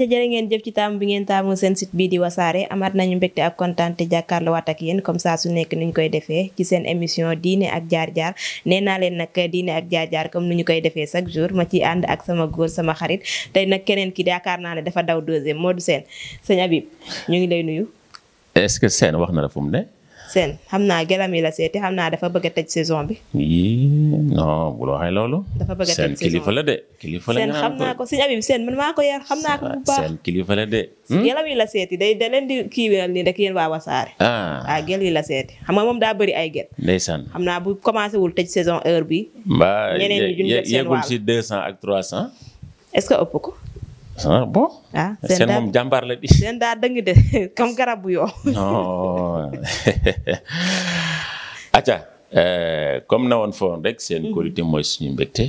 aja jërë ngeen jëf ci taamu bi ngeen taamu seen sit bii di wasaare amaat nañu mbégte ak kontaan te jàkkaarloo ak yéen comme saa su nekk ñu koy defee ci seen émission diine ak jaar-jaar nee naa leen nag diine ak jaar-jaar comme nu ñu koy defee chaque jour ma ci ànd ak sama góor sama xarit tey nag keneen ki yaakaar naa ne dafa daw deuxième Modou Sène sëñ Habib ñu ngi lay nuyu. est-ce que Sène wax na la mu ne. seen xam naa gelam yi la seeti xam naa dafa bëgg a tëj saison bi. non bu la waxee loolu. dafa bëgg a tëj saison seen kilifa la de. kilifa la seen xam naa ko sëñ Habib seen man maa yar xam naa ko bu ah, baax seen kilifa de. Hmm? gelam yi la seeti day da leen di kiiweel nii rek yéen waa wasaare. Ah. ah gel yi la seeti xam nga moom daa bëri ay gel. ndeysaan xam naa bu commencé wul tëj saison heure bi. ñeneen ñi duñ si deux cent ak trois cent. est-ce que ëpp ko. ah bon. ah eh, seen moom jàmbaar la di. seen daa dëng de comme yoo. acca euh, comme na woon foon rek seen korité hmm. mooy suñu mbégte.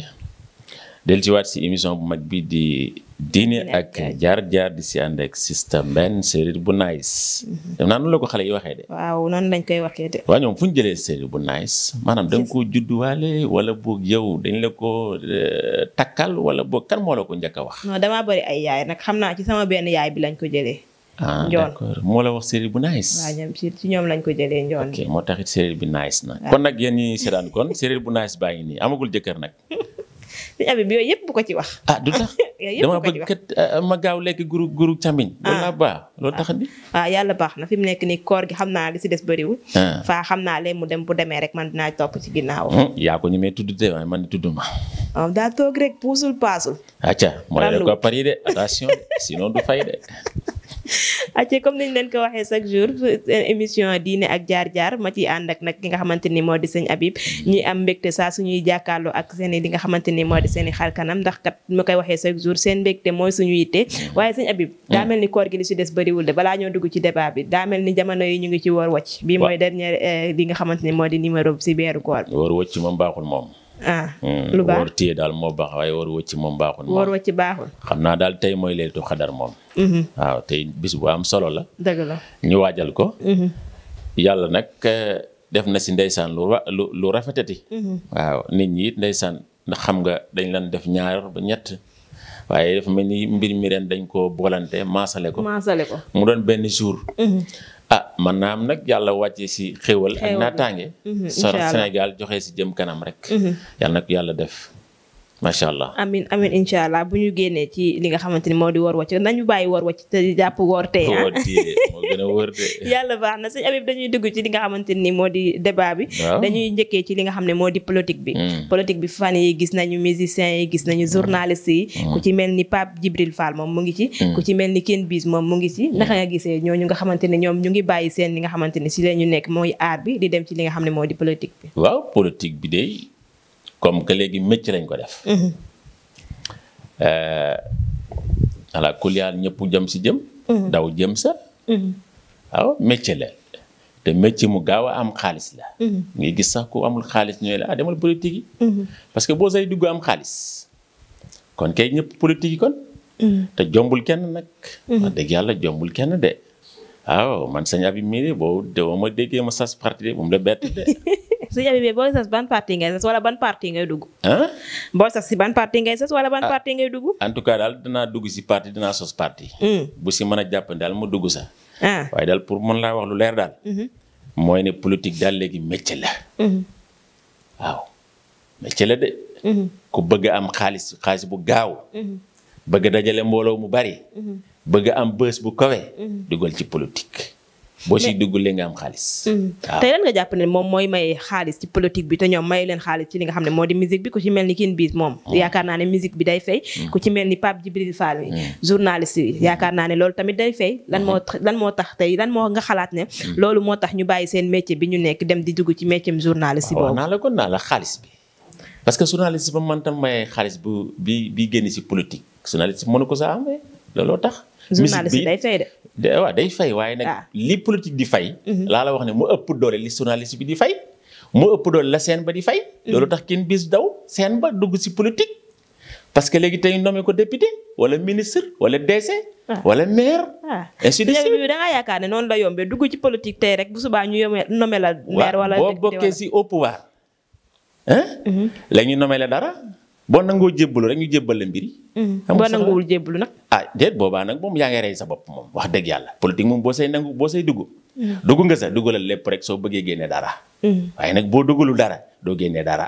dellu ci waat si émission bu mag bi di diine ak jaar-jaar di si ànd ak système benn séeréer bu nice mhm. dem naa noonu la ko xale yi waxee de waaw noonu lañ koy waxee de waaw ñoom fu ñu jëlee séeréer bu nice maanaam danga nga ko judduwaale wala boog yow dañ la ko euh, takkal wala boog kan moo la ko njëkk wax non damaa bëri ay yaay nag xam naa ci sama benn yaay bi lañ ko jëlee ah d'accord moo la wax séeréer bu nice waaw ñoom ci ñoom lañ ko jëlee njoon ok moo taxit séeréer bi nice na kon nag yéen ñi kon séeréer bu nice baa ngi nii amagul jëkkër nag suñu abib yooyu yëpp bu ko ci wax. ah du tax dama bëgg kat ah, ma gaaw lekk guru guru càmmiñ. Ah. loolu laa baax loolu ah. tax di. waaw yàlla baax na fi mu nekk nii koor gi xam naa li si des bëriwul. faa xam naa lee mu dem bu demee rek man naa topp ci ginnaaw. Hmm, yaa ko ñemee tudd de waaye man tudd ma. daa toog rek puusul paasul. acca mooy rek ko pari de attention sinon du fay de. acce comme ni ñu leen ko waxee chaque jour émission diine ak jaar-jaar ma ci ànd ak nag ki nga xamante ni moo di sëñ Habib ñuy am mbégte saa suñuy jàkkaarloo ak seen li nga xamante ni moo di seen i ndax kat ma koy waxee chaque jour seen mbégte mooy suñu yitte waaye sëñ Habib daa mel ni koor gi li si des bëriwul de balaa ñoo dugg ci débat bi daa mel ni jamono yi ñu ngi ci woor wacc bi mooy dernier eh, li nga xamante ni moo di numéro si beeru koor bi woor wacc moom baaxul moom ah hmm, lu baax war téye daal moo baax waaye war wëcc moom baaxul. war wëcc baaxul. xam naa daal tey mooy leetu xadar moom. Mhm. waaw tey bis bu am solo la. dëgg la ñu waajal ko. Mhm. yàlla nag eh, def na si ndeysaan lu ra lu lu rafetati. Mhm. waaw nit ñi it ndeysaan ndax xam nga dañ lan def ñaar ba ñett. waaye dafa mel ni mbir mi ren dañ ko boolante maasale ko. maasale ko mu doon benn jour. ah man naa nag yàlla wàccee si xéwal ak naataange. Mhm, incha allah Sénégal joxe si jëm kanam rek. Mhm. yal nag yàlla def. macha allah amin amin incha allah bu ñu génnee ci li nga xamante ni moo di woor wàcc nañu bàyyi woor wàcc te jàpp woor tey ah. moo gën a wóor de. yàlla baax na sëñ Habib dañuy dugg ci li nga xamante ni moo di débat bi. dañuy njëkkee ci li nga xam ne moo di politique bi. Hmm. politique bi fan yi gis nañu musiciens yi gis nañu journalistes yi. Hmm. Hmm. ku ci mel ni Pape Djibril Fall moom mu ngi ci. ku ci mel ni Ken biis moom mu ngi ci. naka nga gisee ñooñu nga xamante ne ñoom ñu ngi bàyyi seen li nga xamante ne si la ñu nekk mooy aar bi di dem ci li nga xam ne moo di politique bi. waaw politique bi de comme que léegi métier lañ ko def. Mhm. Euh, ala kuliyaan ñëpp jëm si jëm. Mhm. daw jëm sa. Mhm. waaw métier la te métier mu gaaw a am xaalis la. ngay gis sax ku amul xaalis ñooy la ah demal politique yi. parce que boo say dugg am xaalis kon kay ñëpp politique yi kon. te jombul kenn nag. wax dëgg yàlla jombul kenn de. waaw man sëñ Habib mii boo dewoo ma déggee ma sas parti de bu mu la bett de. sëñ Habib booy sas ban parti ngay sas ban parti ngay dugg. ah. booy sas si ban parti ngay sas wala ban ah. parti ngay dugg. en tout cas daal danaa dugg si parti danaa sos parti. Mm. bu si mën a jàpp daal ma dugg sax. ah waaye daal pour mën laa wax lu leer daal. Mm-hmm. mooy ne politique daal léegi métier la. Mm-hmm. waaw métier la de. Mm-hmm. ku bëgg am xaalis xaalis bu gaaw. bëgg dajale mbooloo mu bari. bëgg am bës bu kawe. Mm-hmm. dugal ci politique. boo ci duggulee nga am xaalis. Mm-hmm. waaw tey lan nga jàpp ne moom mooy may xaalis ci politique bi te ñoom mayu leen xaalis ci li nga xam ne moo di musique bi ku ci mel ni Queen Biz moom. Mm. yaakaar naa ne musique bi day fay. Mm. ku ci mel ni Pape Djibril Fall. Mm. journaliste yi yaakaar naa ne loolu tamit day fay. lan moo mm-hmm. lan moo tax tey lan moo nga xalaat ne. loolu moo tax ñu bàyyi seen métier bi ñu nekk dem di dugg ci métier journaliste boobu. waaw naa la kon naa la xaalis bi. parce que journaliste ba man tam may xaalis bu bi bi génn ci politique journaliste mënu ko sa looloo tax. journaliste bi day fay de. waaw day fay waaye nag. Ah. li politique di fay. Mhm. laa la wax ne mu ëpp doole li journaliste bi di fay. mu ëpp doole la seen ba di fay. Mhm. loolu tax kenn bis daw seen ba dugg si politique. parce que léegi tey nommé ko député wala ministre wala DC. Ah. wala maire. Ah. ainsi de suite da ngaa yaakaar ne noonu la yombee dugg ci politique tey rek bu subaa ñu yomee nommé la. maire wala député boo bokkee si au waa mhm. la ñu nommé la dara. boo nangoo jébbalu rek ñu jébbal la mbir yi. Mm-hmm. boo nanguwul jébbalu nag. ah déet boobaa nag moom yaa ngi rey sa bopp moom wax dëgg yàlla politique moom boo say nangu boo say dugg. Mm-hmm. dugg nga sax duggalal lépp rek soo bëggee génne dara. Mm-hmm. waaye nag boo duggalul dara doo génnee dara.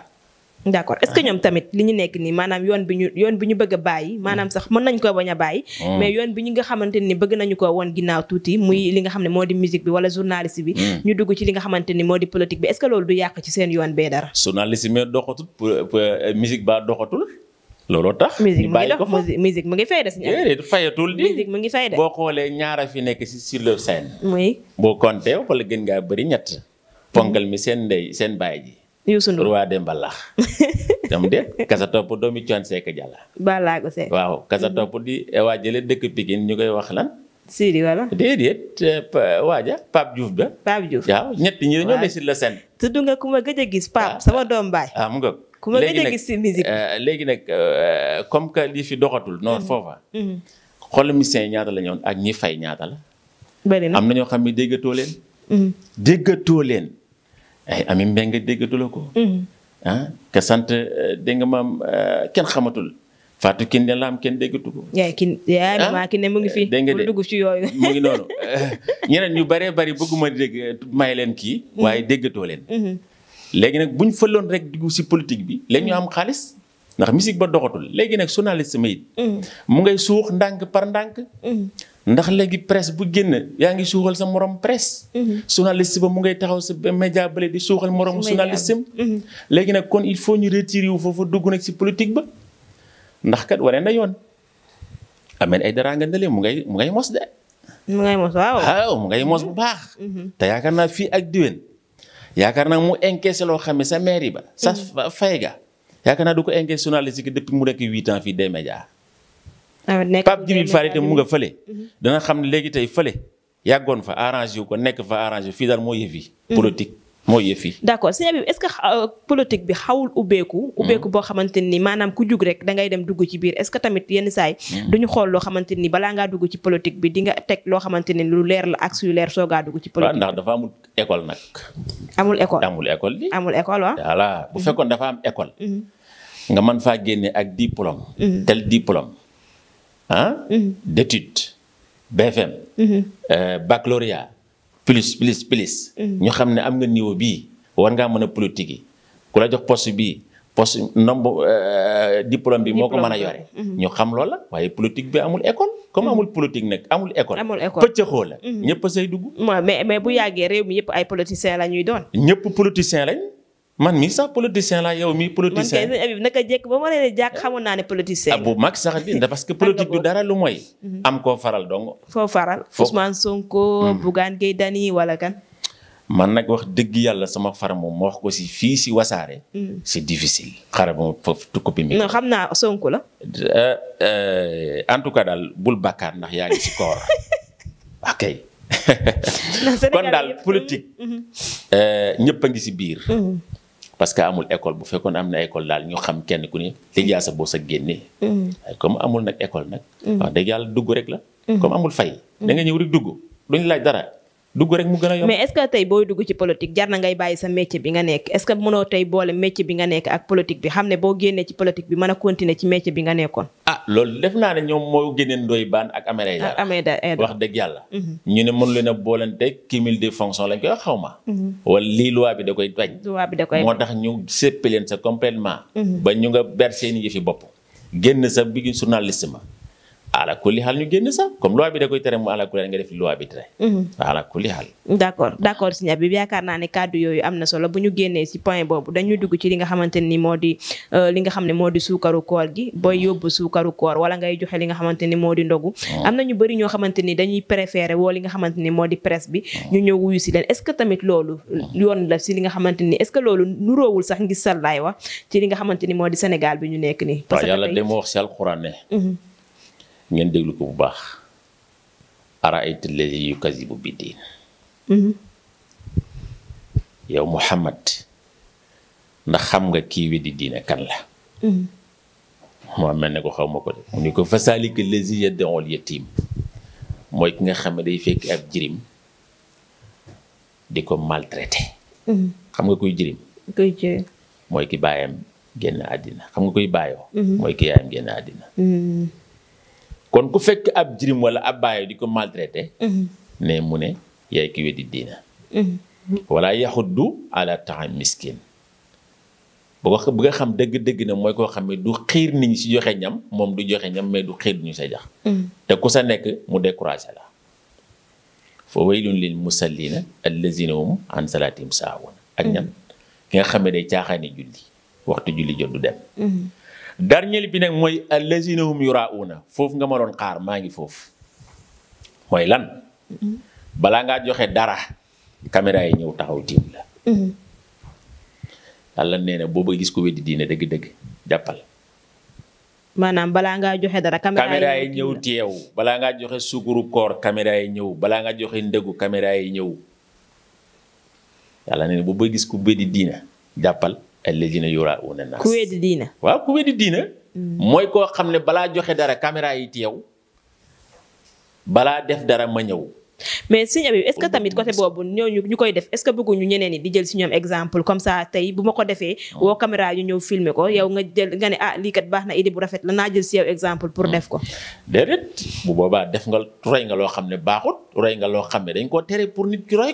d' accord est ce ñoom tamit li ñu nekk nii maanaam yoon bi ñu yoon bi ñu bëgg a bàyyi maanaam sax mën nañ ko bañ a bàyyi hmm. mais yoon bi ñu nga xamante ni bëgg nañu ko woon ginnaaw tuuti muy li nga xam ne moo di musique bi wala journaliste bi hmm. ñu dugg ci li nga xamante ni moo di politique bi est ce que loolu du yàq ci seen yoon bee dara journaliste bi doxatul musique ba doxatul looloo tax ñu bàyyi ko fa musique mu ngi fay des ñu fayatul di musique mu ngi fay des boo xoolee ñaara fi nekk si sur le scène oui boo compté wala gën ngaa bëri ñett ponkal mi seen ndey seen baay ji Youssou Ndour roi de mbalax tam de kasa topp doomi coon Seck Jalla balaago Seck waaw kasa mhm. topp di waa jële dëkk Pikine ñu koy wax lan Sidi wala déedéet eh, waaja Pape Diouf ba Pape Diouf waaw ñett ñi dañoo ne si la seen tudd nga ku ma gëj a gis Pape ah, sama doom baay ah mu ngoog ku ma gëj a gis si musique eh, léegi nag eh, comme que lii fi doxatul noonu mhm. foofa mhm. xool musicien ñaata la ak ñi fay ñaata la na am na ñoo xam ne déggatoo leen déggatoo leen ay eh, ami mbeng déggatu ko. Mm-hmm. ah ka sant eh, dégg nga maam eh, kenn xamatul. Fatou Kine laam kenn déggatu ko. yaay Kine yaay ah, maman mu ngi fi. dégg nga de dugg ci yooyu. mu ngi noonu ñeneen ñu baree bari bëgguma dégg may leen kii. Mm-hmm. waaye déggatoo leen. Mm-hmm. léegi nag bu ñu fëloon rek dugg si politique bi léegi ñu am xaalis ndax musique ba doxatul léegi nag journaliste ma it mu ngay suux ndànk par ndànk. ndax léegi presse bu génn yaa ngi suuxal sa morom presse. Mhm. journaliste ba mu ngay taxaw sa média bële di suuxal moromu journaliste am. Mhm. léegi nag kon il faut ñu retirer wu foofu dugg nag si politique ba ndax kat wane na yoon. ameen ay dara nga ndële mu ngay mos de. mu ngay mos waaw mu ngay mos bu mhm. baax. te yaakaar naa fii ak diwen yaakaar naa mu encaissé loo xam ne sa mairie ba. sa fayga yaakaar naa du ko encaissé journaliste gi depuis mu nekk huit ans fii des médias. Ah, nekk Pape Djibril Fall itam mu nga fële. Mm-hmm. dana xam ne léegi tey fële yàggoon fa arrangé wu ko nekk fa arrangé fii daal moo yëf yi. Mm-hmm. moo yëf yi. d' accord sëñ est ce que euh, politique bi xawul ubbeeku. Mm-hmm. ubbeeku boo xamante ni maanaam ku jug rek da ngay dem dugg ci biir est ce que tamit yenn saay duñu xool loo xamante ni balaa nga dugg ci politique bi dinga nga loo xamante ni lu leer la ak suy leer soogaa dugg ci. politique ndax dafa amul école nag. amul école amul école bi amul école waaw. voilà bu fekkoon dafa am école. nga mën faa génne ak diplôme. ah. d'études BFM. Mm-hmm. Euh, baccalauréat plus plus plus. Mm-hmm. ñu xam ne am nga niveau bii war ngaa mën a politique yi ku la jox poste bii. poste nombre euh, diplôme bi moo ko mën a yore. ñu xam loolu la waaye politique bi amul école. comme amul politique nag amul école. amul école pëccëxoo la. ñëpp a say dugg. mais mais bu yàggee réew mi yëpp ay politiciens la ñuy doon. ñëpp politiciens lañ. man mii sax politicien laa yow mii politicien man kay jekk ba ma leen jàkk xamoon naa ne politicien ah, bu mag sax bi parce que politique du dara lu mooy. Mhm. am koo faral dong. foo faral Ousmane Sonko. Mhm. Bougane Gueye Dany wala kan. man nag wax dëgg yàlla sama far moom ma wax ko si fii si wasaare. Mhm. c'est difficile. xaaral ba ma foofu tukki bi. non xam naa Sonko la. Euh, euh, en tout cas daal bul bàkkaar ndax yaa ngi si koor kon daal politique. Euh, ñëpp a ngi si biir. parce que amul école bu fekkoon am na école daal ñu xam kenn ku ne lijaasa boo sa génne. Mm. comme amul nag école nag. Mm. wax dëgg yàlla dugg rek la. Mm. comme amul fay. da ñëw rek dugg duñ laaj dara. dugg rek mu gën a yomb. mais est-ce que tey booy dugg ci politique jar na ngay bàyyi sa métier bi nga nekk est mënoo tey boole métier bi nga nekk ak politique bi xam ne boo génnee ci politique bi mën a continuer ci métier bi nga nekkoon. ah loolu def naa ne ñoom moo génneen ndoy baan ak amee ak amee wax dëgg yàlla. Mhm. ñu ne mënu leen a boolante cumul des fonctions lañ koy wax xaw ma. Mhm. wala lii loi bi da koy bañ. loi bi da koy moo tax ñu séppi leen sa complètement mhm. ba ñu nga berse seen yëfi bopp génn ma ala kulli xaal ñu génn sax comme loi bi da koy tere mu ala kulli xaal nga def loi bi mhm. d' accord d' accord sëñ Habib yaakaar naa ne kàddu yooyu am na solo bu ñu génnee si point boobu dañuy dugg ci li nga xamante ni moo di euh, li nga xam ne moo di suukaru koor gi booy mm. wala ngay joxe li nga xamante ni moo di ndogu. Mm. am na ñu bëri ñoo xamante ni dañuy préféré woo li nga xamante ni moo di presse bi mm. ñu ñëw wuyu si leen est ce que tamit loolu yoon la si li nga xamante ni est ce que loolu nuróowul sax ngir sallaay wax ci li nga xamante ni moo di Sénégal bi ñu nekk nii. parce que yàlla ngeen déglu ko bu baax araayta allazi yukazibu biddiin mm-hmm. yow Muhammad ndax xam nga kii weddi diine kan la mm-hmm. moo mel ne ko xaw ma ko de mu ni ko fasaalika allazi yad'u al-yatiim mooy ki nga xam ko maltraité mm-hmm. xam nga kuy jirim mooy ki baayam génn àddina xam nga kuy baayoo mooy ki yaayam génn àddina kon ku fekk ab jirim walla ab baayo di ko maltraité. Mhm. ne mu ne yaay ki weddi diina. Mhm. wala yaxuddu ala taam miskin bu ko bu nga xam dëgg-dëgg na mooy koo xam ne du xiir ni ñu si joxe ñam moom du joxe ñam mais du xiir ñu sa jax mhm. te ku sa nekk mu découragé la. fa waylun lil musallina allazina hum an salatihim saawun ak ñam ki nga xam ne day caaxaani julli waxtu julli jot du dem. dernier bi nag mooy allazina hum yurauna foofu nga ma doon xaar maa ngi foofu mooy lan balaa ngaa joxe dara caméra yi ñëw taxaw tiim la mm-hmm. yàlla gis ko weddi diine dëgg-dëgg jàppal maanaam balaa ngaa joxe dara caméra yi ñëw teew balaa ngaa joxe sukuru koor caméra yi ñëw balaa ngaa joxe ndëgu caméra yi ñëw yàlla nee na gis ko weddi diine jàppal alladina yurauna nas ku weddi diina. waaw ku weddi diina. Mm. mooy koo xam ne balaa joxe dara caméra yi teew balaa def dara ma ñëw. mais Serigne Habib est-ce que tamit côté boobu ñu koy def est-ce que bëgguñu ñeneen ñi di jël si ñoom exemple comme ça tey bu ma ko defee woo caméra yu ñëw filmer ko yow nga jël nga ne ah lii baax na idée bu rafet la naa jël si yow exemple pour ko déedéet boobaa def nga roy nga loo xam ne baaxut roy nga loo xam ne dañ koo tere pour nit ki roy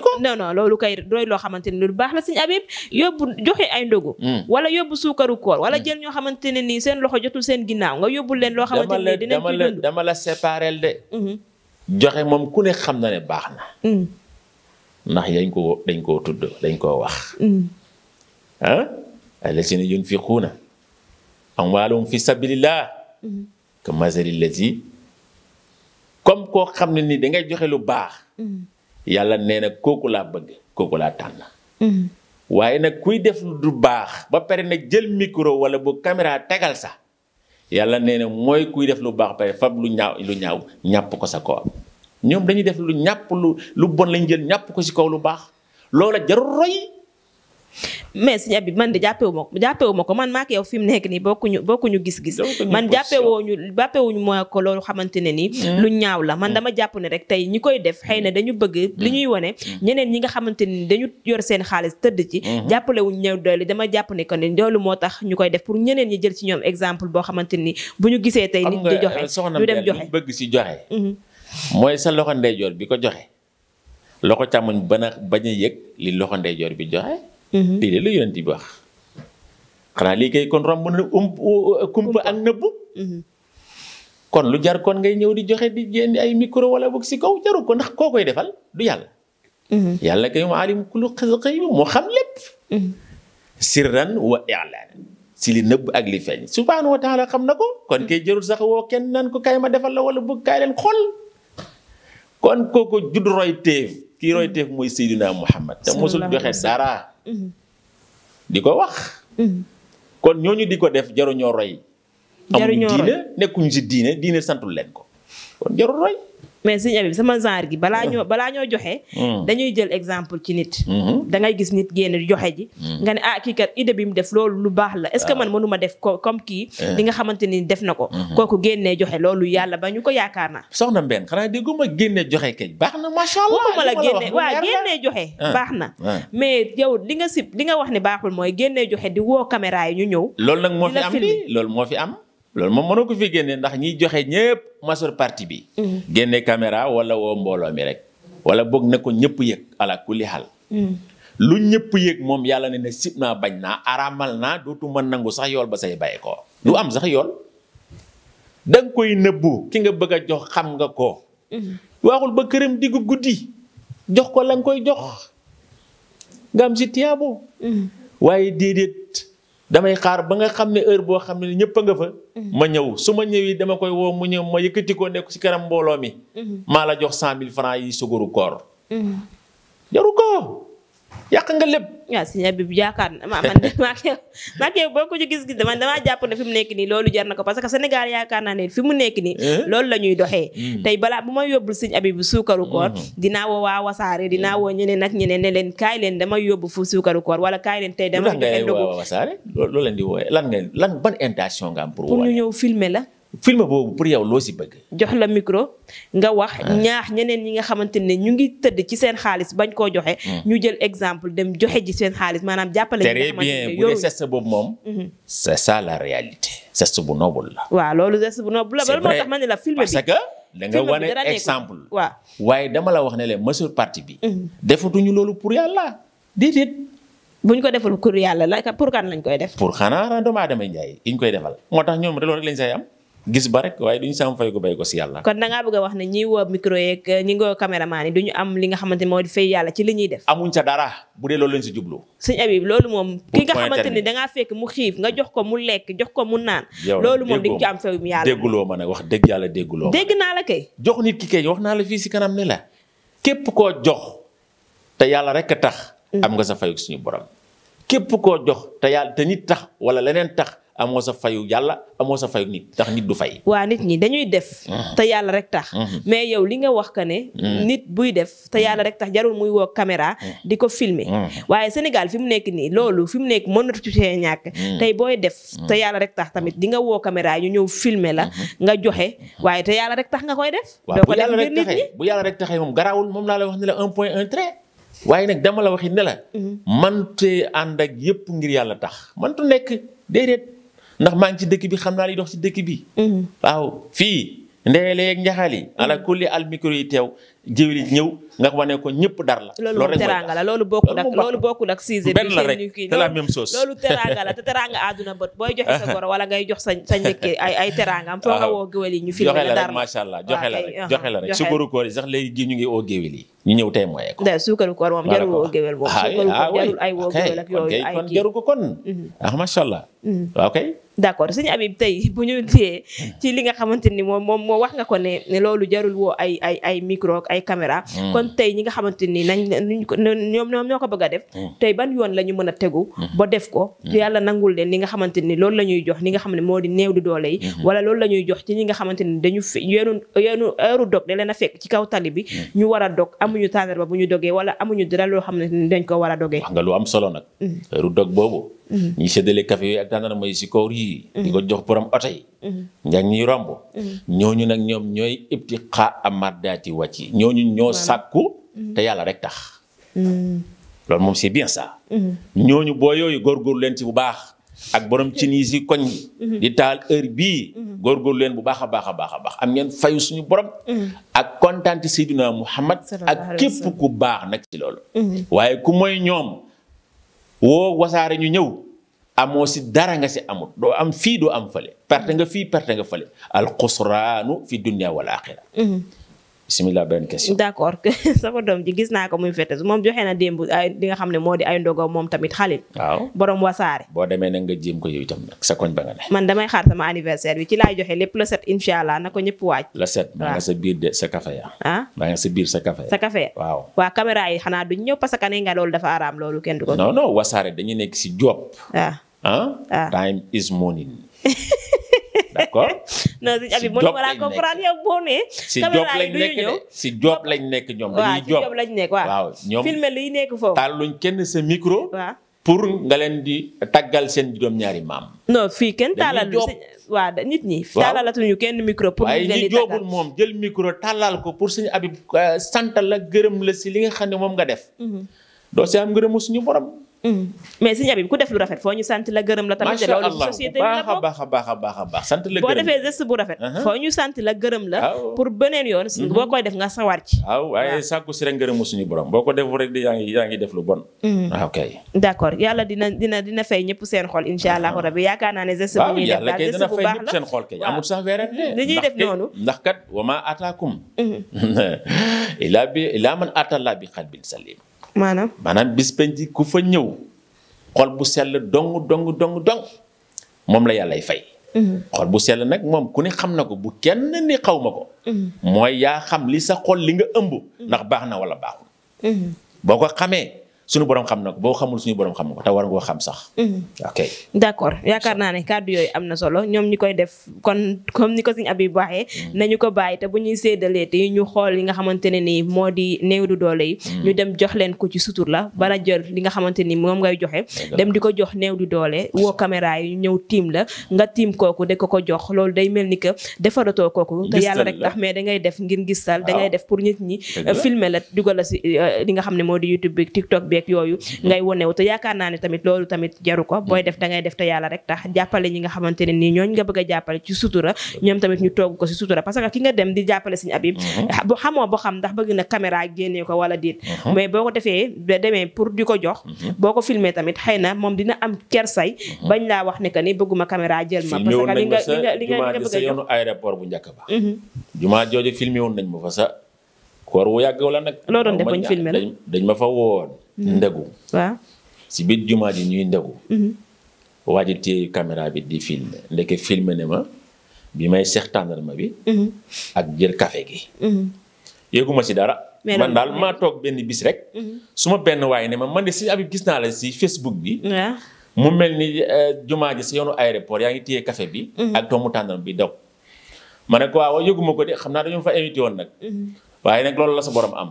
loolu kay roy loo xamante ne lu baax la Serigne Habib yóbbu joxe ay ndogu hmm. wala yóbbu suukaru koor wala hmm. jël ñoo xamante ne nii seen loxo jotul seen ginnaaw nga yóbbu leen loo xamante ne dinañ dama la séparel de hmm. joxe moom ku ne xam na ne baax na. Mm. ndax yañ koo dañ koo tudd dañ koo wax. Mm. ah allazina yunfiquuna amwaalahum fi sabilillah. Mm-hmm. ka masali lazi comme koo xam ne ni dangay joxe lu baax. Mm-hmm. yàlla nee na kooku laa bëgg kooku laa tànn. Mm-hmm. waaye nag kuy def lu baax ba pare nag jël micro wala bu caméra tegal sax. yàlla nee na mooy kuy def lu baax pare fab lu ñaaw lu ñaaw ñàpp ko sa kaw ñoom dañuy def lu ñàpp lu lu bon lañ jël ñàpp ko si kaw lu baax loola jarul mais suñu abib man de jàppewu ma ko ko man maak yow fi mu nekk nii bokkuñu ñu gis-gis man jàppewooñu jàppewuñu mooy ko loolu xamante ne ni mm-hmm. lu ñaaw la man mm-hmm. dama jàpp ne rek tey ñi koy def xëy na dañu bëgg li ñuy mm-hmm. wone ñeneen ñi nga xamante ni dañu yor seen xaalis tëdd ci jàppalewuñu ñëw doole dama jàpp ne que ni loolu moo tax ñu koy def pour ñeneen ñi jël ci ñoom exemple boo xamante ni bu ñu gisee tey nit di joxe euh, ñu dem joxe bëgg si joxe mooy sa loxo ndeyjoor bi ko joxe loxo càmmoñ bana bañ a yëg li loxo ndeyjoor bi joxe Mhm. lii de la yonent bi xanaa lii kay kon romb na um kumpa ak nëbbu mhm. kon lu jar kon ngay ñëw di joxe di génn ay micro wala boog si kaw jaru ko ndax koo koy defal du yàlla mhm. yàlla kay mu alim ku lu xëy moo xam lépp sirran wa i'laanan si li nëbb ak li feeñ subhaanahu wa xam na ko kon kay jarul sax woo kenn nan ko kaay ma defal la wala boog kaay leen xool kon kooku judd roy kii roy mooy Seydina Muhammad te mosul joxe dara Mm-hmm. di ko wax. Mm-hmm. kon ñooñu di ko def jaruñoo roy. jaruñoo roy amuñu diine nekkuñu si diine diine santul leen ko kon jarul roy. mais sëñ Habib sama genre gi balaa ñoo mm. balaa ñoo joxe. Mm. dañuy jël exemple ci nit. Mm-hmm. da ngay gis nit génn joxe ji. Mm. nga ne ah kii kat idée bi mu def loolu lu baax la est ce que ah. man mënuma def ko comme kii. Eh. li nga ni def na ko. Mm-hmm. kooku génnee joxe loolu yàlla ba ñu ko yaakaar na soxna Mbène xanaa dégguma génne joxe kay baax na macha allah. waxuma la génne waaw génne joxe. Ah. baax na ah. mais yow li nga sib li nga wax ne baaxul mooy génne joxe di woo caméra yi ñu ñëw. loolu nag moo fi am loolu moo fi am. loolu moom mënoo ko fi génne ndax ñiy joxe ñëpp masor parti bi. Mm-hmm. génne kamera wala woo mbooloo mi rek. wala boog na ko ñëpp yëg ala kulli xal. Mm-hmm. lu ñëpp yëg moom yàlla ne ne sib naa bañ naa araamal naa dootuma nangu sax yool ba say bay ko du am sax yool da koy nëbbu ki nga bëgg a jox xam nga ko. Mm-hmm. waxul ba këram diggu guddi jox ko la nga koy jox oh. nga am si tiyaabo. waaye déedéet. damay xaar ba nga xam ne heure boo xam ne ñëpp a nga fa. Mm-hmm. ma ñëw su ma ñëwee dama koy woo mu ñëw ma yëkkati ko nekku ci kanam mbooloo mi. Mm-hmm. maa la jox cent mille francs yi sugaru koor. Mm-hmm. jaru ko. yàq nga lépp. waaw sëñ Habib na man de maa ngi boo ko gis-gis dama damaa jàpp ne fi mu nekk nii loolu jar na ko parce que Sénégal yaakaar naa ne fi mu nekk nii. Eh? loolu la ñuy doxe hmm. tey balaa bu ma yóbbul sëñ Habib suukaru koor. Hmm. dinaa woo waa wasaare dinaa hmm. woo ñeneen ak ñeneen ne leen kaay leen dama yóbbu fu suukaru koor wala kaay leen tey dama. joxe ndogu lu tax nga wasaare loolu leen di wooyee lan nga lan ban intention nga am pour. pour ñu ñëw filmer la. film boobu pour yow loo si bëgg. jox la micro nga wax ah. ñaax ñeneen ñi nga xamante ne ñu ngi tëdd ci seen xaalis bañ koo joxe. Hmm. ñu jël exemple dem joxe ji seen xaalis maanaam jàppale. ñu très bien bu dee moom. Mhm. c'est ça la réalité. geste la. waaw loolu geste bu noble la. c'est ma la film bi parce que. da nga wane exemple. waaw waaye dama la wax ne la mesure parti bi. Mhm. defatuñu loolu pour yàlla déedéet. bu ñu ko deful pour yàlla la pour kan lañ koy def. pour xanaa doomu aadama Njaay yi ñu koy defal moo tax ñoom loolu rek lañ say am. gis ba rek waaye duñu saam fay ko bay ko si yàlla. kon da bëgg a wax ne ñi woo micro ñi nga caméraman yi duñu am li nga xamante moo di yàlla ci li ñuy def. amuñ sa dara bu dee loolu lañ si jublu. sëñ Habib loolu moom. ki nga xamante ni da ngaa fekk mu xiif nga jox ko mu lekk jox ko mu naan. loolu moom di nga ci yàlla. ma nag wax dëgg yàlla dégguloo. dégg naa la kay. jox nit ki kay wax naa la fii si kanam ne la. képp koo jox te yàlla rek a tax. Mm. am nga sa fayug suñu borom. képp koo jox te yàlla te amoo sa fayu yàlla amoo sa fayu nit ndax nit du fay. waa nit ñi dañuy def. Mm-hmm. te yàlla rek tax. Mm-hmm. mais yow li nga wax que ne. Mm-hmm. nit buy def te yàlla rek tax jarul muy woo caméra. di ko filmer. waaye Sénégal fi mu nekk nii loolu fi mu nekk mënatu ci see ñàkk. tey booy te yàlla rek tax tamit di nga woo caméra yu ñëw filmer la nga joxe waaye te yàlla rek tax nga koy def. doo ko def ngir bu yàlla rek taxee moom garaawul moom laa la wax ne la un point un trait. waaye nag dama la waxi ne la. man ànd ak yëpp ngir yàlla tax man nekk déedéet. ndax maa ngi ci dëkk bi xam naa li dox ci dëkk bi. Mm-hmm. waaw fii ndeeleeg njaxal yi. Mm-hmm. ala kulli al micro yi teew jiwli ñëw nga wane ko ñëpp dar la. la loolu bokkul loolu bokkul ak sixième. benn la rek c'est la même chose loolu teraanga la te teraanga àdduna booy joxe sa goro wala ngay jox sa sa njëkkee ay ay teraangam. foo nga woo géwél yi ñu filmé la dara joxe joxe la rek joxe la rek uh-huh, sax ngi oo géwél yi ñu ñëw tey mooyee ko. da moom ah, jarul ay woo géwél ak yooyu ay kii kon ko kon. Mm-hmm. ah d'accord sëñ Habib tey bu ñu téyee ci li nga xamante ni moom moom moo wax nga ko ne loolu jarul woo ay ay ay micro ay caméra hmm. kon tey ñi nga xamante ni nañ ñoom ñoom ñoo ko bëgg a def hmm. tey ban yoon la ñu mën a tegu hmm. ba def ko yàlla nangul leen li nga xamante ni loolu la ñuy jox li nga xam ne moo di néew di doole wala loolu la ñuy jox ci ñi nga xamante ni dañu fi yeenu yeenu heure dog da leen ci kaw tali bi ñu war a dog amuñu tànnar ba bu ñu dogee wala amuñu dara loo xam ne dañ ko war dogee wax nga lu am solo nag si koor yi yi. ko jox porom oto yi. ña ñuy romb. ñooñu nag ñoom ñooy ibti xaa amadaati wàcc yi ñooñu ñoo sàkku. Mm-hmm. te yàlla rek tax. Mm-hmm. loolu moom c'est bien ça. Mm-hmm. ñooñu boo yooyu góor leen ci bu baax. ak borom cin yi si koñ di taal heure bii. leen bu baax a baax a baax a baax am ngeen fayu suñu borom. ak kontaan ci Seydina Muhammad ak képp ku baax nag ci loolu. waaye ku mooy ñoom woo wasaare ñu ñëw. amoo si dara nga si amut doo am fii doo am fële perte nga fii perte nga fële al xusraanu fi dunia wal axira mhm. bisimilah benn question na démb ay li nga moo di ay ndogo moom tamit xalit waaw borom boo demee nag nga jéem ko yow itam nag sa koñ ba nga ne. man damay xaar sama anniversaire bi ci laay joxe lépp la set incha allah na ko ñëpp waaj. le set maa nga sa biir de sa kafe ya. ah maa nga sa biir waa caméra yi xanaa duñ ñëw parce que ne nga loolu dafa araam loolu kenn du ko. wasaare dañu nekk si job. ah. time is money. d'accord. non si abi mënu ma laa si job lañ nekk de si lañ nekk ñoom. dañuy job lañ nekk waaw. ñoom filmé luy nekk foofu. tàlluñ kenn sa micro. waaw pour nga leen di taggal seen juróom-ñaari maam. non fii kenn tàllal waaw nit ñi. waaw tàllalatuñu kenn micro. pour ñu leen di moom jël micro tàllal ko pour suñu Habib euh, sant la gërëm la si li nga xam ne moom nga def. Mhm. doo si am gërëmu suñu borom. Mm. mais sëñ Habib ku def lu rafet foo ñu sant la gërëm la tamit. macha allah bu baax a baax a baax a baax la boo defee geste bu rafet. Uh-huh. foo ñu sant la gërëm la. pour beneen yoon. Mm-hmm. boo koy def nga sawar ci. waaw waaye sàkku si ngërëmu suñu borom boo ko def rek yaa ngi yaa ngi def lu bon. waaw mm-hmm. ah, kay. d' accord yàlla dina dina ñëpp seen xol incha ah. allah rabi yaakaar naa ne geste bu ñuy def daal la waaw yàlla kay dina fay ñëpp seen xol noonu ndax kat wa maa ataakum. Mm-hmm. ilaa man aata laa bi maanaam maanaam bis penc ku fa ñëw xol bu sell dong dong dong dong moom la yàlla yàllay fay. Mhm. xol bu sell nag moom ku ne xam na ko bu kenn ni xaw ma ko. Mhm. mooy yaa xam li sa xol li nga ëmb. ndax baax na wala baaxul. Mhm. boo ko xamee suñu borom xam na ko boo xamul suñu borom xam na ko te war nga xam sax. Mhm. ok d'accord yaakaar naa ne kàddu yooyu am na ñoom ñi koy def kon comme ni ko suñu Habib waxee. Mhm. nañu ko bàyyi te bu ñuy séddalee te ñu xool li nga xamante ne nii moo di néew du doole mhm. ñu dem jox leen ko ci sutur la bala jël li nga xamante ni moom ngay joxe. dem di ko jox néew doole woo caméra yi ñëw tiim la nga tiim kooku de ko ko jox loolu mel ni que defaratoo kooku. te yàlla rek tax mais da ngay def ngir gisal da ngay def pour nit ñi filmer la dugal euh, xam ne moo di YouTube bi TikTok bi yeeg yooyu ngay wonewu a yaakaar naa ne tamit loolu tamit jaru ko booy def da ngay def te yàlla rek tax jàppale ñi nga xamante ne ñooñ nga bëgg a jàppale ci sutura ñoom tamit ñu togg ko ci sutura parce que ki nga dem di jàppale Sëñ Abib mhm. xamoo boo xam ndax bëgg na caméra génnee ko wala déet mhm. mais boo ko defee demee pour di ko jox mhm. boo ko filmé tamit xëy na moom dina am kersay bañ laa wax ne que bëgguma caméra jël ma a jumaa jooju filmé woon nañ ma ndegu waaw si biir jumaa ji ñuy ndegu mhm. waa ji téye caméra bi di filme ndeke filme ne ma bi may seex tàndarma bi mhm. ak jël café gi mhm. yéeguma si dara man daal maa toog benn bis rek su ma benn waaye ne ma man de si Habib gis naa la si Facebook bi mu mel ni eh, jumaa ji si yoonu aéroport yaa ngi téye café bi ak doomu tàndarma bi daw ma waaw yëguma ko de xam naa dañu fa invité woon nag waaye nag loolu la sa borom am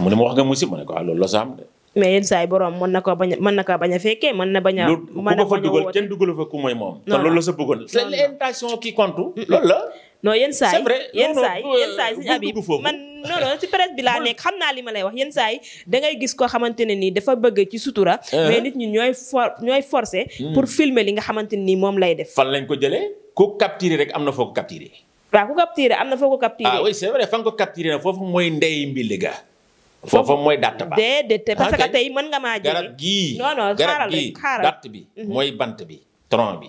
mu ne ma wax nga musib ma ne ko ah loolu la sa am de. mais yenn saa yi borom mën na ko bañ a mën na ko bañ a fekkee mën na bañ a. mën na ko fa dugal kenn dugalu fa ku mooy moom. te loolu la sa bëggoon c'est l'intention qui compte. loolu la. non yenn saa yi c'est vrai yenn saa euh, yi yenn saa yi suñu Habib man non non ci presse bi laa nekk xam naa li ma lay wax yenn saa yi da ngay gis koo xamante ne nii dafa bëgg ci sutura. Ah. mais nit ñi ñooy for ñooy forcer. Hmm. pour filmer li nga xamante ne nii moom lay def. fan lañ ko jëlee ku capturer rek am na foo ko capturer. waaw ku capturer am na foo ko capturer. ah oui c'est vrai fan ko capturer na foofu mooy ndey mbi ga foofa mooy dàtt ba déedéet parce que tey mën nga maa garab gii non non garab gii dàtt bi mhm. mooy bant bi tronc bi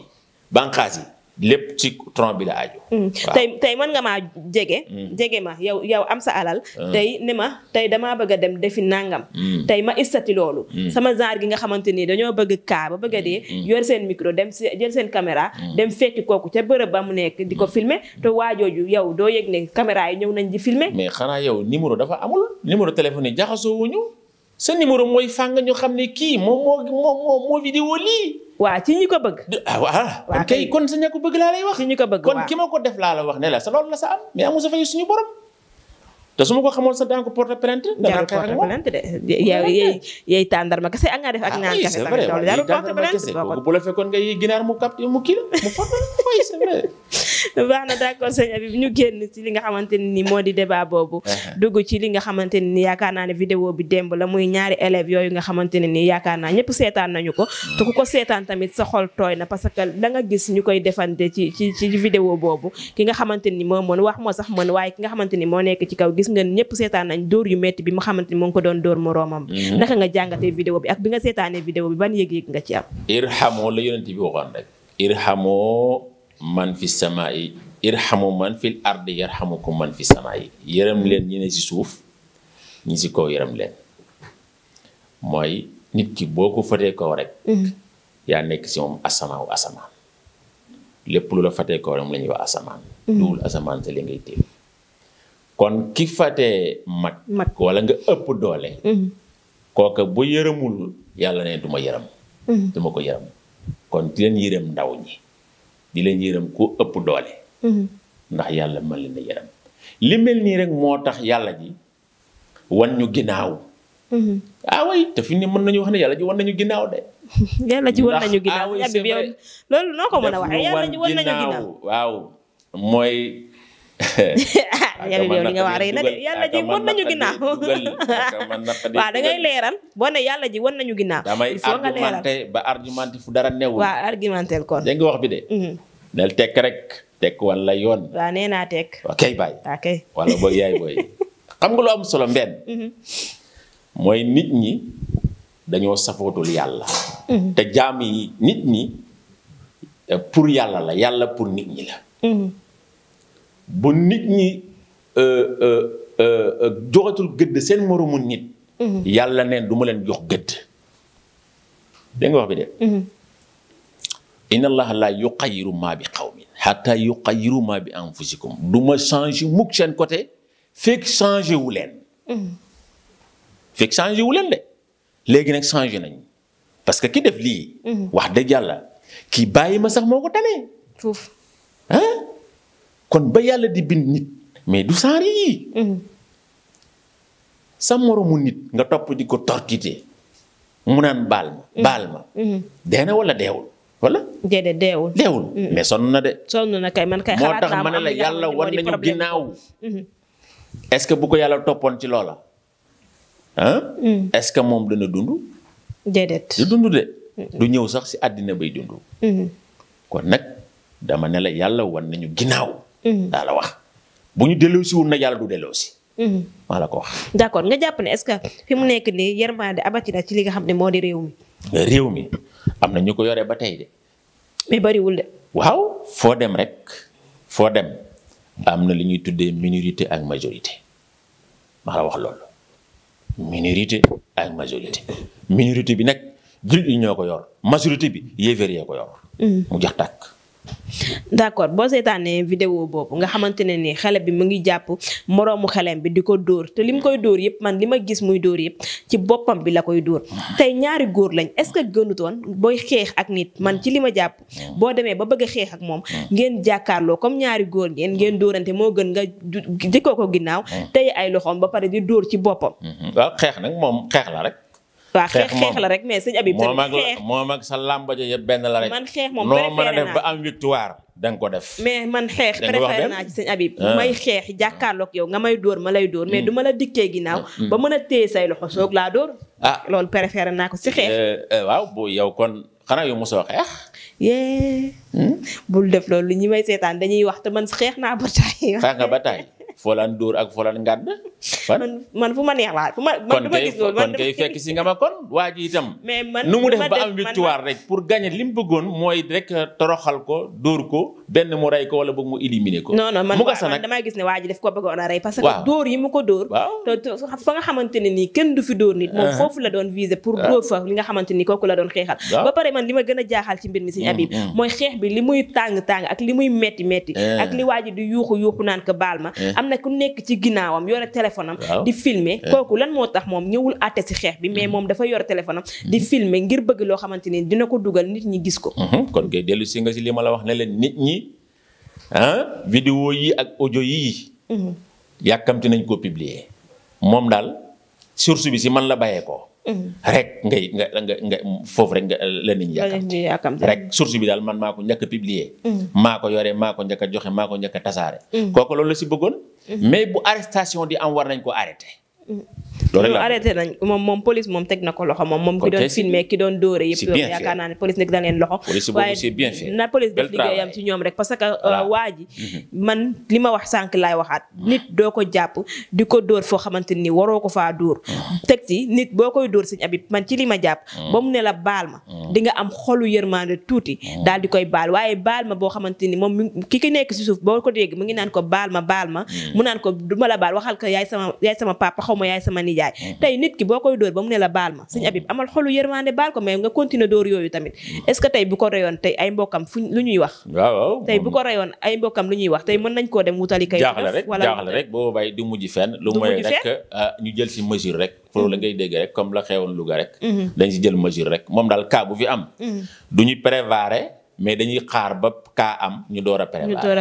banqaas yi lépp ci tronc bi la aju. Hmm. tey tey mën nga maa jege. Hmm. jege ma yow yow am sa alal. Hmm. tey ne ma tey damaa bëgg a dem defi nangam. tey ma istati loolu. sama genre gi nga xamante ni dañoo bëgg kaar ba bëgg a dee. yor seen micro dem si jël seen caméra. dem fekki kooku ca bërëb ba mu nekk di ko filmer te waajooju yow doo yëg ne caméra yi ñëw nañ di filme mais xanaa yow numéro dafa amul numéro téléphone yi sa numéro mooy fàng ñu xam ne kii moom moo moo lii. waa ci ñi ko bëgg. ah waaw ah. kay kon sa ña ko bëgg laa wax. ci ñi ko bëgg ki ma ko def laa la wax ne la sa loolu la sa am mais amu sa fay suñu borom. te su ma ko xamoon sax daa ko porte plainte. dama xeex ak moom porte plainte de. yay ak nga def ak ah, naan café. ah bu nga yi mu kap mu mu porte oui c'est vrai. baax na ci li nga xamante ne ni moo di débat boobu. Uh-huh. dugg ci li nga xamante ne ni yaakaar naa ne vidéo bi démb la muy ñaari élèves yooyu nga xamante ne ni yaakaar naa ñëpp seetaan nañu ko. te ku ko tamit sa tooy na parce que la nga gis ñu koy defande ci ci ci vidéo boobu ki nga xamante ni moo mën wax moo sax mën waaye ki nga xamante ni moo nekk ci kaw gis gis ngeen ñëpp seetaan nañ dóor yu metti bi mu xamante ni moo ko doon dóor moroomam mhm. naka nga jàngatee vidéo bi ak bi nga seetaanee vidéo bi ban yëg-yëg nga ci am irhamoo la yonent bi waxoon rek xamoo man fi sama yi irhamu man fil ardi ko man fi sama yi yërëm leen ñi si suuf ñi si kaw yërëm leen mooy nit ki boo ko fatee kaw rek mhm. yaa nekk si moom asamaan lépp lu la fatee kaw rek mu la wax asamaan mhm. duwul asamaan te li ngay téew kon ki fatee mag. mag wala nga ëpp doole. Mm-hmm. kooka bu yërëmul yàlla ne du ma yërëm. Mm-hmm. du ko yërëm kon di leen yërëm ndaw ñi di leen yërëm ku ëpp doole. Mm-hmm. ndax yàlla mën leen yërëm li mel nii rek moo tax yàlla ji wan ñu ginnaaw. ah te fi ne mën nañu wax ne yàlla ji wan nañu ginnaaw de. yàlla ah ji wan nañu ginnaaw mooy. yàlla yow li ji wan nañu ginnaaw waaw leeral boo ne yàlla ji wan nañu ginnaaw damay argumenté ba argumenté fu dara newul waaw wax bi de mm-hmm. nel tekk rek tekk la yoon waaw nee naa tekk ok bàyyi xam nga lu am solo mbenn mm-hmm. mooy nit ñi dañoo safootul yàlla mm-hmm. te jaam nit ñi eh, pour yàlla la yàlla pour nit ñi la ba nit ñi euh, euh, euh, joxatul gëdd seen moromu nit. Mhm. yàlla neen du ma leen jox gëdd. dégg wax bi de. Mhm. inna allaha la yuqayyiru maa bi qawmin hatta yuqayyiru maa bi anfusikum du ma changé mukk seen côté fekk changé wu leen. Mhm. fekk changé wu de léegi nag changé nañ parce que ki def lii. wax dëgg yàlla ki bàyyi ma sax moo ko tane. ah. kon ba yàlla di bind nit mais du saar mm-hmm. sa moromu nit nga topp di ko tortité mu naan baal ma mm-hmm. baal ma mm-hmm. dee na wala deewul walla déedéet deewul deewul mais sonn na de sonn na kay man kay moo tax ma ne la yàlla war nañu ginnaaw est-ce que bu yàlla toppoon ci loola ah est-ce que moom dana dund déedéet du dund ñëw sax si àddina bay dund nag dama ne la yàlla nañu ginnaaw Mhm. daa la wax bu ñu delloosi wul na yàlla du delloosi. Mhm. maa la ko wax. d'accord nga jàpp ne est-ce que fi mu nekk nii yërmande abati na ci li nga xam ne moo di réew mi. réew mi am na ñu ko yore ba tey de. mais bariwul de. waaw foo dem rek foo dem am na lu ñuy tuddee minorité ak majorité maa la wax loolu minorité ak majorité minorité bi nag jullit yi ñoo ko yor majorité bi yéefar yee ko yor. Mhm. mu jox d'accord boo seetaanee vidéo boobu nga xamante ne nii xale bi mu ngi jàpp moroomu xelem bi di ko dóor te li mu koy dóor yëpp man li ma gis muy dóor yëpp ci boppam bi la koy dóor tey ñaari góor lañ est-ce que gënutoon booy xeex nit man ci li ma jàpp boo demee ba bëgg a xeex ak moom ngeen jàkkaarloo comme ñaari góor ngeen ngeen dóorante moo gën nga dikkoo ko ginnaaw hmm. tey ay loxoom ba pare di dóor ci boppam hmm, hmm. waaw xeex nag moom xeex la rek waa xeex xeex la rek mais sëñ Habib. moom ak moom ak sa làmba ja yëpp benn la rek. man xeex moom préféré naa noo mën a def ba ko def. mais man xeex préféré naa ci sëñ Habib. Ah. may xeex jàkkaarlook yow nga may dóor ma lay dóor mais mm. du ma la dikkee ginnaaw. Ah, mm. ba mën a téye say loxo soog laa dóor. ah loolu préféré naa ko si xeex. Eh, eh, waaw bu yow kon xanaa yow mosoo xeex. yee. Hmm? bul def loolu ñi may seetaan dañuy wax te man xeex naa ba taay. ba taay. foolaan dóor ak foolaan ngàdd. man fu ma neex laa man du gis nga ma kon waa ji itam. mais man nu mu def ba am victoire rek pour gagner li mu bëggoon mooy rek toroxal ko dóor ko benn mu rey ko wala boog ko. non non man man damaa gis fa nga xamante nii kenn du fi dóor nit. moom uh-huh. foofu la doon viser pour dóor fa li nga xamante ni kooku la doon xeexal. ba pare man li ma gën a jaaxal ci mbir mi Serigne Habib mm-hmm. mooy xeex bi li muy tàng tàng ak li muy metti metti eh. ak li waa ji di yuuxu yuuxu naan ko baal ma eh. am na ku nekk ci ginnaawam yore téléphone am di filmer eh. kooku lan moo tax moom ñëwul àtte si xeex bi mais mm-hmm. moom dafa yore téléphone di mm-hmm. filme ngir bëgg loo xamante ni dina ko dugal nit ñi gis ko mm-hmm. kon dellu si nga si li ma la wax ne leen nit ñi ah vidéo yi ak audio yi yàkkamti nañ ko publier moom daal source bi si man la bàyyee ko rek ngay nga nga nga foofu rek nga la nit ñi yàkkamti rek bi daal man maa ko njëkk a publier maa ko yore maa njëkk a joxe maa ko loolu si bëggoon mais bu arrestation di am war nañ ko arrêté loolu la arrêté nañ moom moom police moom teg na ko loxo moom moom ki doon filmé ki doon dóore yëpp yaakaar naa ne police nekk que euh, waa mhm. li ma wax sànq laay waxaat nit doo ko jàpp di ko dóor foo xamante ni waroo ko faa dóor teg ci nit boo koy dóor sëñ Abib man ci li ma jàpp ba mu ne la baal ma di nga am xolu yërmande tuuti daal di koy baal waaye baal ma boo xamante ni moom ki ki nekk si suuf boo ko dégg mu ngi naan ko baal ma baal ma mm. mu naan ko du ma la baal waxal ko yaay sama yaay yaay sama nijaay mm-hmm. tey nit ki boo koy dóor ba mu ne la baal ma sëñ mm-hmm. Habib amal xolu yërmande baal ko mais nga continuer dóor yooyu tamit mm-hmm. est-ce bu ko reyoon tey ay mbokkam lu ñuy wax waaw mën nañ koo dem wutali kay jaaxle rek jaaxle rek boo bay du mujj fenn lu mooy rek ah, ñu jël si mesure rek pour la ngay dégg rek comme la xewoon Louga rek dañ si jël mesure rek moom daal cas fi am duñu prévaré mais dañuy xaar ba kaa am ñu door a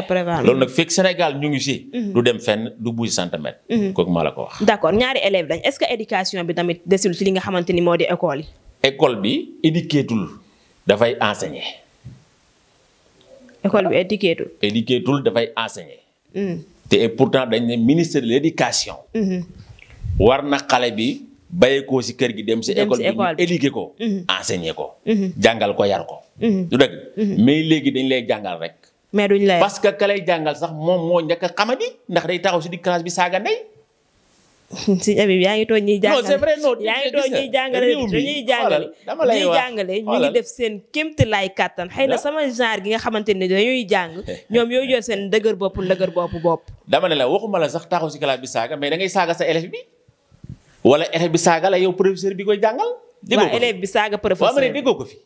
prévoir loolu nag fekk Sénégal ñu ngi si. Mhm. du dem fenn du bouge centimètre. Mhm. kooku maa la ko wax. d' ñaari élèves dañ est ce que éducation bi tamit desul ci li nga xamante ni moo di école yi. école bi éduqueetul dafay enseigner. école bi éduqueetul. éduqueetul dafay enseigner. Mhm. te pourtant dañ ne ministre de l' war na xale bi. bàyyeekoo si kër gi dem si école bi ñu éduqué ko mhm. enseigné ko mhm. jàngal ko yar ko mhm. du dëgg mais léegi dañ lay jàngal rek mais duñ lay parce que ka lay jàngal sax moom moo njëkk a xamadi ndax day taxaw si di classe bi saaga ndey si Habib yaa ngi tooñ ñuy jàngale non c'est vrai non yaa ngi tooñ ñuy jàngale ñuy jàngale ñuy jàngale ñu ngi def seen kémti laay kàttan xëy na sama genre gi nga xamante ne dañuy jàng ñoom yooyu jor seen dëgër bopp dëgër bopp bopp dama ne la waxuma la sax taxaw si classe bi saaga mais da ngay saaga sa élève bi wala élève bi saaga la yow professeur bi koy jàngal. déggoo ko bi saaga professeur bi déggoo ko fi.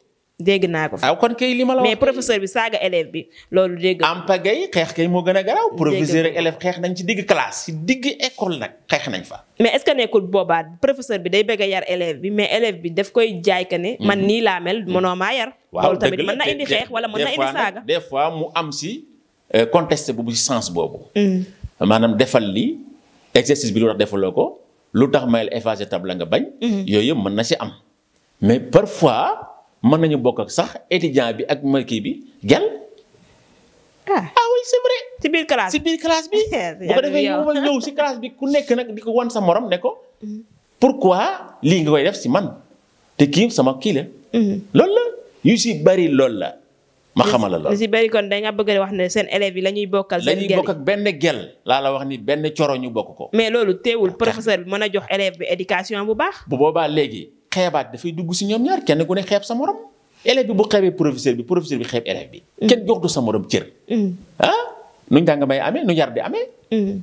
naa ko fi ah, kon kay li ma la wax. mais professeur bi saaga élève bi loolu dégg. am pagay xeex kay moo gën a garaaw. professeur ak élève xeex nañ ci digg classe ci digg école nag xeex nañ fa. mais est ce que nekkul boobaa professeur bi day bëgg yar élève bi mais élève bi def koy jaay ka ne. man mhm. nii laa mel mënoo maa yar. waaw loolu tamit mën na indi xeex wala mën na indi saaga. fois mu am si euh, contesté bu ci boobu. Mhm. maanaam defal li exercice bi lu tax defaloo ko. lu tax mayel effacé tabla nga bañ. Mhm. yooyu yëpp mën na si am. mais parfois mën nañu bokk ak sax étudiant bi ak marquis bi gel ah. ah oui c'est vrai. ci biir classe ci bi. bu ko defee ñu si classe bi ku nekk nag di ko wan sa morom ne ko. Mhm. pourquoi lii nga koy def si man te kii sama kii la. Mhm. loolu la yu si bari loolu la ma xamala la. lu si bëri kon da nga bëgg wax ne seen élèves yi la ñuy bokkal. seen gel la ñuy benn gel. laa la wax ni benn coro ñu bokk ko. mais loolu teewul ah, professeur bi mën a jox élève bi éducation bu baax. bu boobaa léegi xeebaat dafay dugg si ñoom ñaar kenn ku ne xeeb sa morom. élève bi bu xeebee professeur bi professeur bi xeeb élève bi. Mm. kenn jox du sa morom cër. Mm. ah nu njàng may amee nu yar di amee. Mm.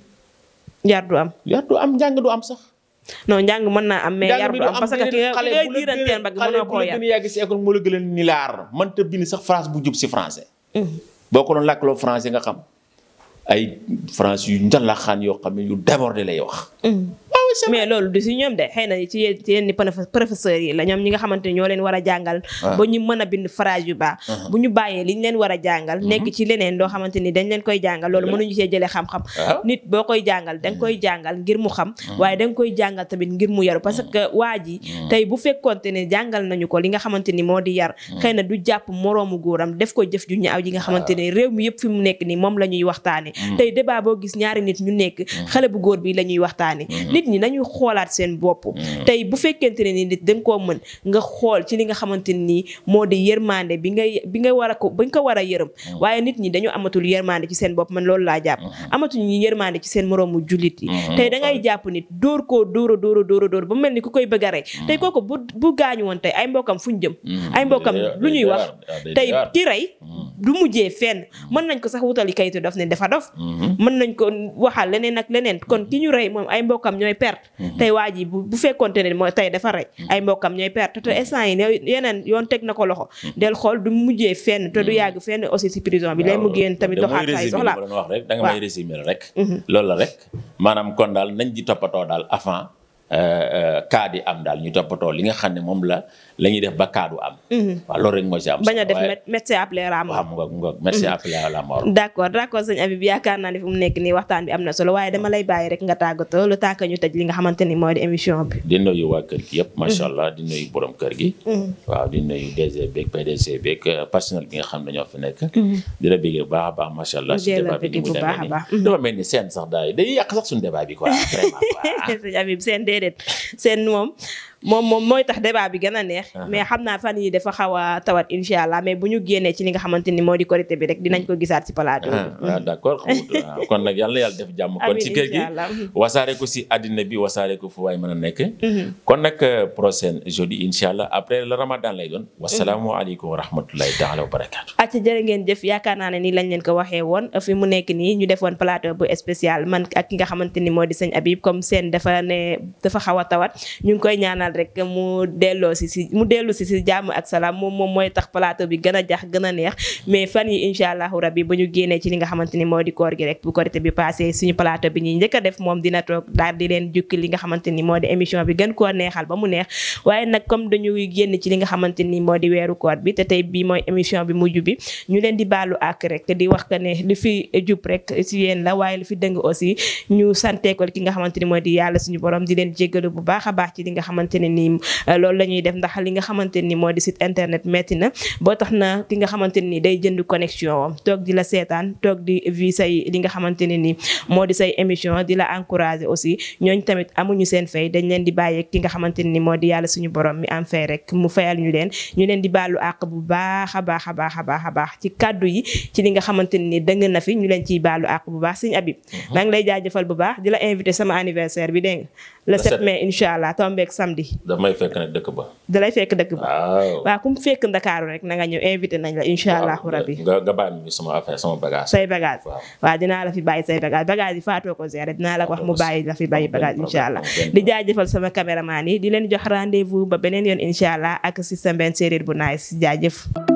yar du am. yar du am njàng du am sax. no njàng mën naa am mais yar du am parce que ki ngay diiranteel mbagg mënoo koo a yàgg si école moo la gën a ni laar mënta bind sax phrase bu jub si français mm. boo ko doon làkkloo français nga xam ay phrase yu njalaxaan yoo xam ne yu débordé lay wax mm. mais loolu du si ñoom de xëy na ci yenn professeurs yi la ñoom ñi nga xamante ni ñoo leen war a jàngal ah. ba ñu mën a bind phrase yu baax ah. bu ñu bàyyee li ñu leen war a jàngal mm-hmm. nekk ci leneen loo xamante ni dañ leen koy jàngal loolu mënuñu see jëlee xam ah. nit boo koy jàngal danga koy jàngal ngir mu xam mm. waaye danga koy jàngal tamit ngir mu yaru parce mm. que waa ji mm. tey bu fekkonte ne jàngal nañu ko li nga xamante ni moo di yar xëy na du jàpp moroomu góoram def ko jëf ju aw ji nga xamante ni réew mi yëpp fi mu nekk ni moom la ñuy waxtaane de débat boo gis ñaari nit ñu nekk xale bu góor bi la ñuy waxtaane mm-hmm. nit ñi nañu xoolaat seen bopp mm. tey bu fekkente ne ni nit da koo mën nga xool ci li nga xamante nii moo di yërmande bi ngay bi nga war a ko bi nga ko war a yërëm mm. waaye nit ñi dañu amatul yërmande ci seen bopp man loolu laa jàpp mm-hmm. amatuñu yërmande ci seen moroomu jullit yi mm-hmm. tey da ngay jàpp nit dóor ko dóora dóora dóora dóor ba mel ni ku koy bëgg a rey mm. tey kooku bu bu gaañu woon tey ay mbokkam fu ñu jëm ay mbokkam lu ñuy wax tey ki rey du mujjee fenn mën nañ ko sax wutali kay kayitu dof ne dafa dof mhm. mën nañ ko waxal leneen ak leneen kon ki ñu rey moom ay mbokkam ñooy perte mhm. tey waa ji bu fekkonte ne mooy tey dafa rey mhm. ay mbokkam ñooy perte te instant yi yeneen yoon teg na ko loxo del xool du mujjee fenn te du yàgg fenn aussi si prison bi lay mu génn tamit doxaat ay soxla da nga may résumer rek loolu la rek maanaam kon daal nañ di toppatoo daal avant kaad euh, euh, yi am daal ñu toppatoo li nga xam ne moom la la ñuy def ba kaadu am. Mhm. waaw loolu rek moo si am. bañ a def médecin d' accord d' accord sëñ Habib yaakaar naa ne fu mu nekk nii waxtaan bi am na solo waaye dama lay bàyyi rek nga tàggatoo lu tàkk ñu ni mooy di émission bi. di nuyu waa kër gi yëpp. macha mhm. allah di nuyu borom kër gi. Mhm. waaw di nuyu euh, xam ne ñoo fi nekk. di baax a baax macha allah. si débat bi ni mu demee seen sax daay day yàq sax suñu débat bi quoi vraiment déedéet seen moom moom moom mooy tax débat bi gën a neex. mais xam naa fan yi dafa xaw a tawat incha allah mais bu ñu génnee ci li nga xamante ni moo di korité bi rek dinañ ko gisaat ci plateau bi. ah d' accord ah, jàmm. kon ci kër gi mhm. wasaare ko si àddina bi wasaare ko fu waay mën a nekk. Mhm. kon nag euh, prochain jeudi incha allah après le ramadan lay doon. Mhm. wasalaamualeykum wa rahmatulahi taala wa barakaatu. acca jërë ngeen jëf yaakaar naa ne ni lañ leen ko waxee woon fi mu nekk nii ñu defoon plateau bu spécial man ak ki nga xamante ni moo di sëñ Habib comme seen dafa ne dafa xaw a tawat ñu ngi koy ñaanal rek mu delloo si si mu dellu si si jàmm ak salaam moom moom mooy tax plateau bi gën a jax gën a neex mais fan yi incha allahu rabbi bu ñu génnee ci li nga xamante ni moo di koor gi rek bu korité bi passé suñu plateau bi ñuy njëkk a def moom dina toog daal di leen jukki li nga xamante ni moo ba mu neex waaye nag comme dañuy génn ci li nga xamante ni moo di weeru koor bi te tey bii mooy émission bi mujj bi ñu leen di baalu ak rek di wax que ne li fi jub rek si yéen la waaye li fi dëng aussi ñu santeekol ki nga xamante ni moo di yàlla suñu borom di leen jéggalu bu baax baax ci li nga xamante ne nii euh, loolu la ñuy def ndax li nga xamante ni moo di site internet metti na boo tax na ki nga xamante ni day jënd connexion am toog di la seetaan toog di vi say li nga xamante ne nii moo di say émission di la encourager aussi ñooñ tamit amuñu seen fay dañ leen di bàyyee ki nga xamante ni moo di yàlla suñu borom mi am fay rek mu fayal ñu leen ñu leen di baalu àq bu baax a baax a baax a baax a baax ci kàddu yi ci li nga xamante ni dëng na fi ñu leen ciy baalu àq bu baax sëñ Abib mhm. maa ngi lay jaajëfal bu baax di la invité sama anniversaire bi dégg le 7 mais incha allah tombeeg samedi. damay fekk nag dëkk ba. dalay fekk dëkk ba waaw. waaw fekk ndakaaru rek na ñëw invité nañ la incha allahu rabi. nga nga bàyyi mu sama affaire say bagage waaw dinaa la fi bàyyi say bagage bagage yi faatoo ko gérer dinaa la wax mu bàyyi la fi bàyyi bagage incha allah. di jaajëfal sama caméraman yi di leen jox rendez vous ba beneen yoon incha ak si sa benn séeréer bu naay jaajëf.